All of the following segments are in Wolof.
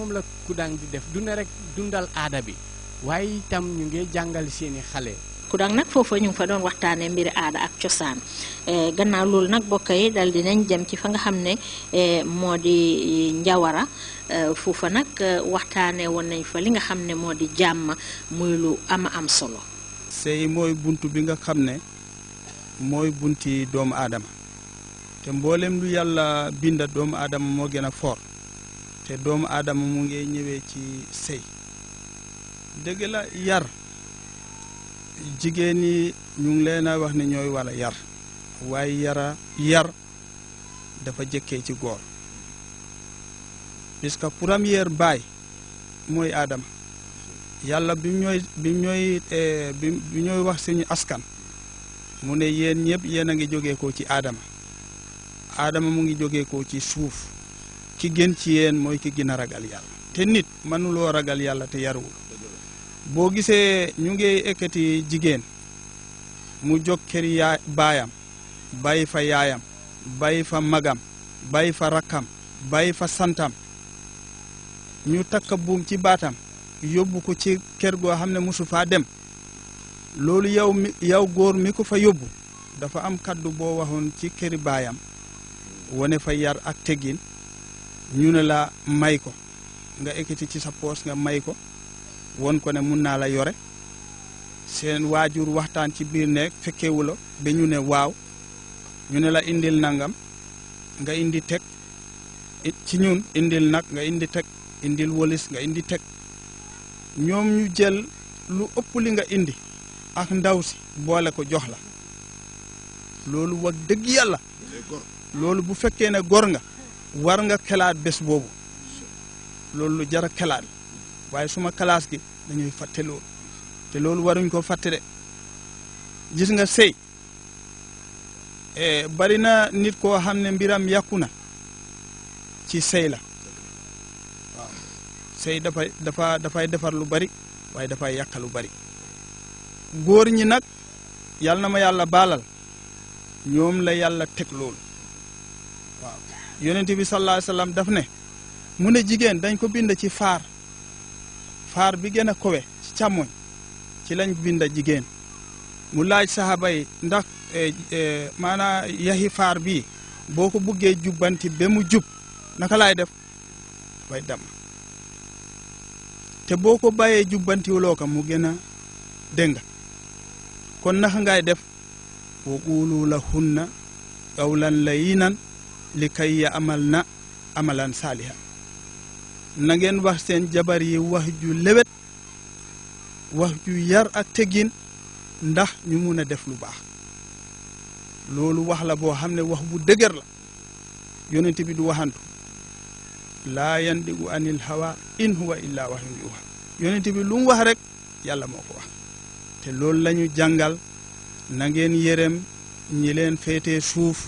moom la kudang di def du ne dundal aada bi waaye itam ñu ngi jàngal seeni xale kudang nag foofa ñu ngi fa doon waxtaanee mbiri aada ak cosaan eh, gannaaw loolu nag bokk yi dal dinañ jëm ci fa nga xam ne eh, moo di eh, njawara foofa nag waxtaanee woon nañ fa li nga xam ne moo di jàmm muy lu ama am solo sëy mooy bunt bi nga xam ne mooy bunti doomu aadama te mboolem lu yàlla binda doomu aadama moo gën a fort te doomu aadama mu ngi ñëwee ci sëy dëgg la yar jigéen ñi ñu ngi leen a wax ne ñooy walla yar waaye yara yar dafa jëkkee ci góor puisque première baay mooy aadama yàlla bi ñooy eh, bi ñooy wax suñu askan mu ne yéen ñëpp yéen a ngi jógeekoo ci aadama aadama mu ngi jógeekoo ci suuf ki gën ci yéen mooy ki gën a ragal yàlla te nit mënuloo ragal yàlla te yaruwul boo gisee ñu ngi ekkati jigéen mu jóg kër yaa baayam bàyyi fa yaayam bàyyi fa magam bàyyi fa rakkam bàyyi fa santam ñu takka buum ci baatam yóbbu ko ci kër goo xam ne musu faa dem loolu yow góor mi ko fa yóbbu dafa am kàddu boo waxoon ci këri baayam wane fa yar ak tegin ñune la may ko nga ekkiti ci sa poos nga may ko won ko ne mun naa la yore seen waajur waxtaan ci biir ne fekkewulo ba ñu ne waaw ñu ne la indil nangam nga indi teg ci ñun indil nag nga indi teg indil wëlis nga indi teg ñoom ñu jël lu ëpp li nga indi ak ndaw si boole ko jox la loolu wag dëgg yàlla loolu bu fekkee ne gor nga war nga kelaat bés boobu loolu lu jar a waaye suma kalaas gi dañuy fàtte loolu te loolu waruñ ko fàtte de gis nga sëy e, bari na nit koo xam ne mbiram yàqu na ci sëy la waaw sëy dafay dafay defar lu bari waaye dafay yàq lu bari góor ñi nag yal na ma yàlla baalal ñoom la yàlla teg loolu waaw yonent bi sallallahu alayhi wa sallam daf ne mu ne jigéen dañ ko bind ci faar faar bi gën a kowe ci càmmoñ ci lañ bind jigéen mu laaj saxaaba yi ndax eh, eh, maanaa yaxi faar bi boo ko buggee jubbanti ba mu jub naka laay def bay te boo ko bàyyee jubbantiwuloo ko mu gën a dégg nga kon naka ngay def wa quulu lahunna qawlan layyinan li kay amal na amalan saaliha nangeen ngeen wax seen jabar yi wax ju lewet wax ju yar ak teggin ndax ñu mun a def lu baax loolu wax la boo xam ne wax bu dëgër la yonent bi du waxantu la yandigu anil hawa in huwa illa waxyun yuuxa yonent bi lu mu wax rek yàlla moo ko wax te loolu la ñu jàngal na ngeen yërëm ñi leen féetee suuf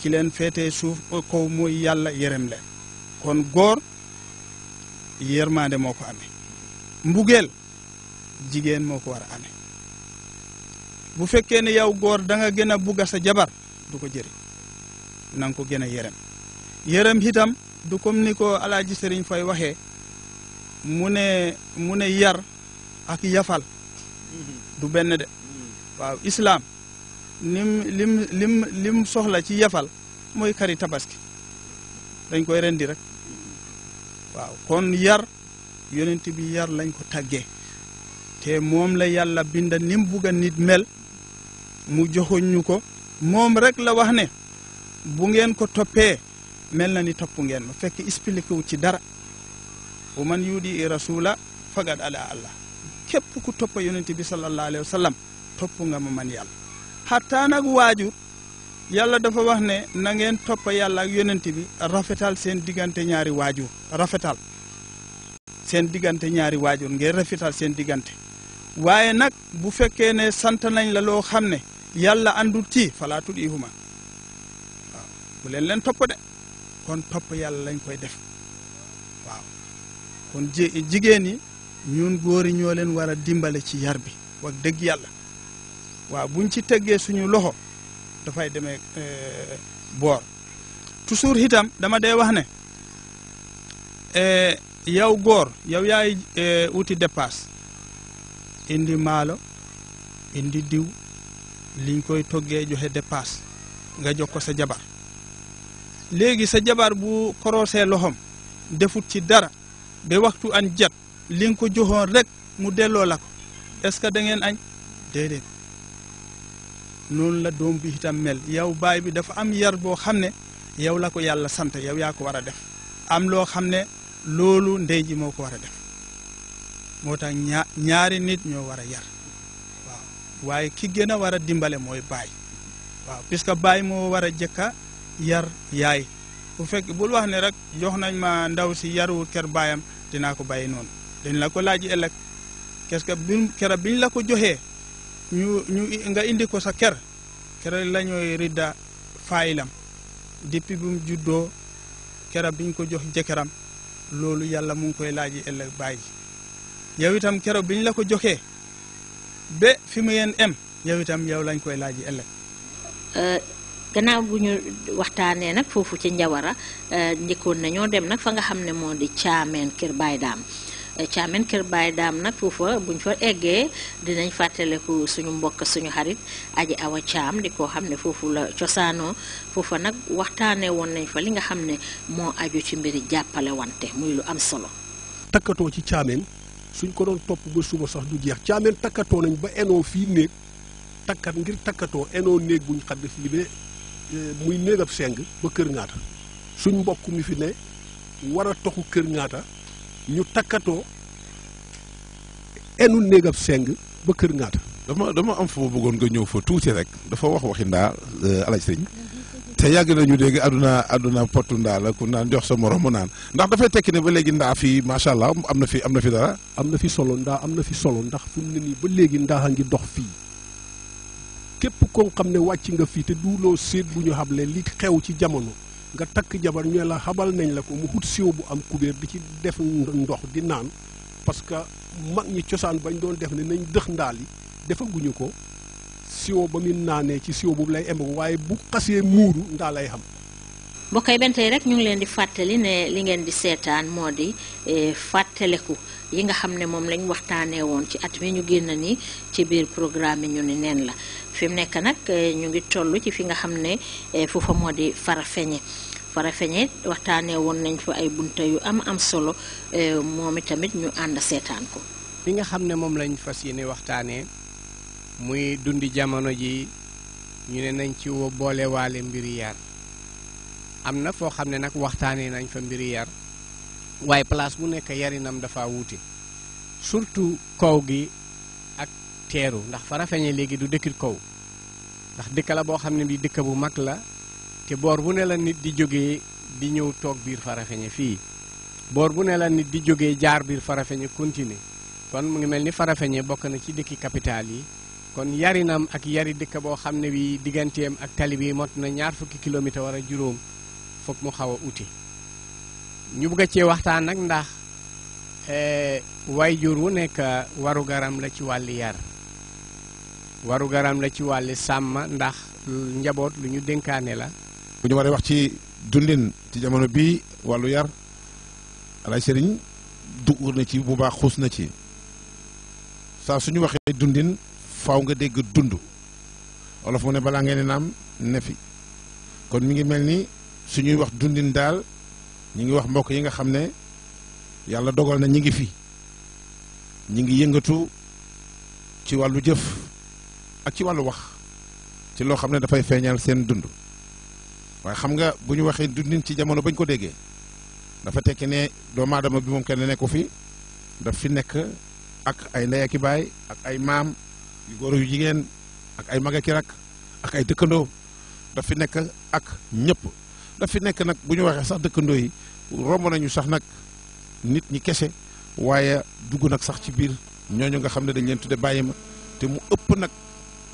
ki leen féetee suuf kaw moy yàlla yërëm leen kon góor yërmaande moo ko amee mbugeel jigéen moo ko war a amee bu fekkee ne yow góor da gën a bugga sa jabar du ko jëriñ na ko gën a yërëm yërëm itam du comme ni ko alaaji sëriñ fay waxee mu ne mu ne yar ak yafal du benn de waaw islaam lim lim lim lim soxla ci yefal mooy kari tabaski dañ koy rendi rek waaw kon yar yonent bi yar lañ ko tàggee te moom la yàlla binda ni mu bugg a nit mel mu joxoñ ñu ko moom rek la wax ne bu ngeen ko toppee mel na ni topp ngeen ma fekk expliqué wu ci dara bu man yuudi i rasula fagat ala allah képp ku toppa yonent bi sallallahu alayhi wa sallam topp nga ma man yàlla hatta nag waajur yàlla dafa wax ne na ngeen topp yàlla ak yonente bi rafetal seen diggante ñaari waajur rafetal seen diggante ñaari waajur ngeen rafetal seen diggante waaye nag bu fekkee ne sant nañ la loo xam ne yàlla andul ci falaa tud ihuma waaw bu leen leen topp de kon topp yàlla lañ koy def waaw kon jigéen yi ñun góori ñoo leen war a dimbale ci yar bi wak dëgg yàlla wa buñ ci teggee suñu loxo dafay deme e, boor toujours itam dama dee wax ne e, yow goor yow yaay e, uti dépasse indi maalo indi diw liñ koy toggee joxe dépasse nga jox ko sa jabar léegi sa jabar bu korosee loxom defut ci dara ba waxtu añ jat liñ ko joxoon rek mu delloo la ko est ce que da ngeen añ déedéet noonu la doom bi itam mel yow baay bi dafa am yar boo xam ne yow la ko yàlla sant yow yaa ko war a def am loo xam ne loolu ndey ji moo ko war a def moo tax ñaa ñaari nit ñoo war a yar waaw waaye ki gën a war a dimbale mooy baay waaw puisque baay moo war a jëkka yar yaay bu fekk bul wax ne rek jox nañ ma ndaw si yaruwul kër baayam dinaa ko bàyyi noonu dañ la ko laaj ëllëg parce que bi keroog biñ la ko joxee ñu ñu nga indi ko sa ker kera la ñooy ridda faayilam depuis bu mu juddoo kera biñ ko jox jëkkëram loolu yàlla mu ngi koy laaji ëllëg bàyyi yow itam kero biñ la ko joxe ba fi mu yeen em yow itam yow lañ koy laaji ëllëg euh, gannaaw bu ñu waxtaanee nag foofu ci Njawara euh, njëkkoon nañoo dem nag fa nga xam ne moo di caameen kër Baay Daam caamen kër Baye Daam nag foofa buñ fa eggee dinañ fàttaleku suñu mbokk suñu xarit aji awa caam di ko xam ne foofu la cosaanoo foofa nag waxtaanee woon nañ fa li nga xam ne moo aju ci mbiri jàppale wante muy lu am solo takkatoo ci caameen suñ ko doon topp ba suba sax du jeex caameen takkatoo nañ ba enoo fii néeg takkat ngir takkatoo enoo néeg buñ xam ne fii de eh, muy néeg seng ba kër ngaata suñ mbokk mi fi ne war toxu kër ngaata ñu takkatoo enu néegam seng ba kër ngaata dama dama am foo bëggoon nga ñëw fa tuuti rek dafa wax waxi ndaa euh, alaj sëñ te yàgg nañu dégg aduna aduna pottu ndaa la ku naan jox sa morom mu naan ndax dafay tekki ne ba léegi ndaa fii macha allah am na fi am na fi dara. am na fi solo ndax am na fi solo ndax fu ne nii ba léegi ndaa a ngi dox fii képp koo xam ne wàcc nga fii te duuloo séet bu ñu xamle li xew ci jamono. nga takk jabar ñoo la xabal nañ la ko mu xut siw bu am kubéer di ci def ndox di naan parce que mag ñi cosaan bañ doon def ne nañ dëx ndaal yi defaguñu ko siwo ba muy naanee ci siwo bu lay emb waaye bu xasee muuru ndaa lay xam mbokk yi benn tey rek ñu ngi leen di fàttali ne li ngeen di seetaan moo di eh, fàttaleku yi nga xam ne moom lañ waxtaanee woon ci at mi ñu génn nii ci biir programme yi ñu ni neen la fi mu nekk nag eh, ñu ngi toll ci fi nga xam ne eh, foofa moo di farafeñe Farafeñe waxtaanee woon nañ fa ay bunta yu am am solo eh, moom tamit ñu ànd seetaan ko. li nga xam ne moom lañu fas yéene waxtaanee muy dundi jamono ji ñu ne nañ ci boole waale mbiri yar am na foo xam ne nag waxtaanee nañ fa mbiri yar waaye place bu nekk yarinam dafa wuute surtout kaw gi ak teeru ndax Farafeñe léegi du dëkkit kaw ndax dëkk la boo xam ne bi dëkk bu mag la. te boor bu ne la nit di jógee di ñëw toog biir Farafeñe fii boor bu ne la nit di jógee jaar biir Farafeñe continuer kon mu ngi mel ni Farafeñe bokk na ci dëkki capital yi kon yarinam ak yari dëkk boo xam ne bi digganteem ak tali bi mot na ñaar fukki kilomètre war a juróom foog mu xaw a uti ñu bëgg cee waxtaan nag ndax eh, waajur wu nekk waru garam la ci wàlli yar waru garam la ci wàlli sàmm ndax njaboot lu ñu dénkaane la bu ñu waree wax ci dundin ci jamono bi walu yar alay sëriñ duggur na ci bu baax xuus na ci sa suñu waxee dundin faaw nga dégg dundu wala mu ne bala ngeen naam kon mi ngi melni suñu wax dundin dal ñi ngi wax mbokk yi nga yalla dogal na ñi ngi fi ñi ngi yëngatu ci walu jëf ak ci walu wax ci lo xamne da fay feñal seen dundu waaye xam nga bu ñu waxee dundin ci jamono bañ ko déggee dafa tekki ne doomu aadama bi moom kenn nekku fi daf fi nekk ak ay ndey ak i ak ay maam yu góor yu jigéen ak ay mag ak rak ak ay dëkkandoo daf fi nekk ak ñëpp daf fi nekk nag bu ñu waxee sax dëkkandoo yi romb nañu sax nag nit ñi kese waaye dugg nag sax ci biir ñooñu nga xam ne dañ leen tudde bàyyi ma te mu ëpp nag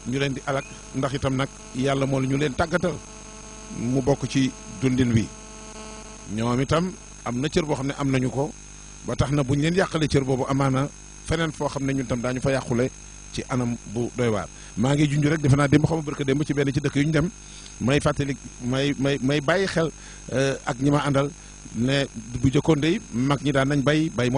ñu leen di alak ndax itam nag yàlla moo ñu leen tàggatal mu bokk ci dundin wi ñoom itam am na cër boo xam ne am nañu ko ba tax na bu ñu leen yàqalee cër boobu amaana feneen foo xam ne ñun tam daañu fa yàqule ci anam bu doy waar maa ngi junj rek defe naa démb xaw ma barka démb ci benn ci dëkk yu ñu dem may fàttali may may may bàyyi xel euh, ak ñi ma àndal ne bu jëkkoon dey mag ñi daan nañ bay bay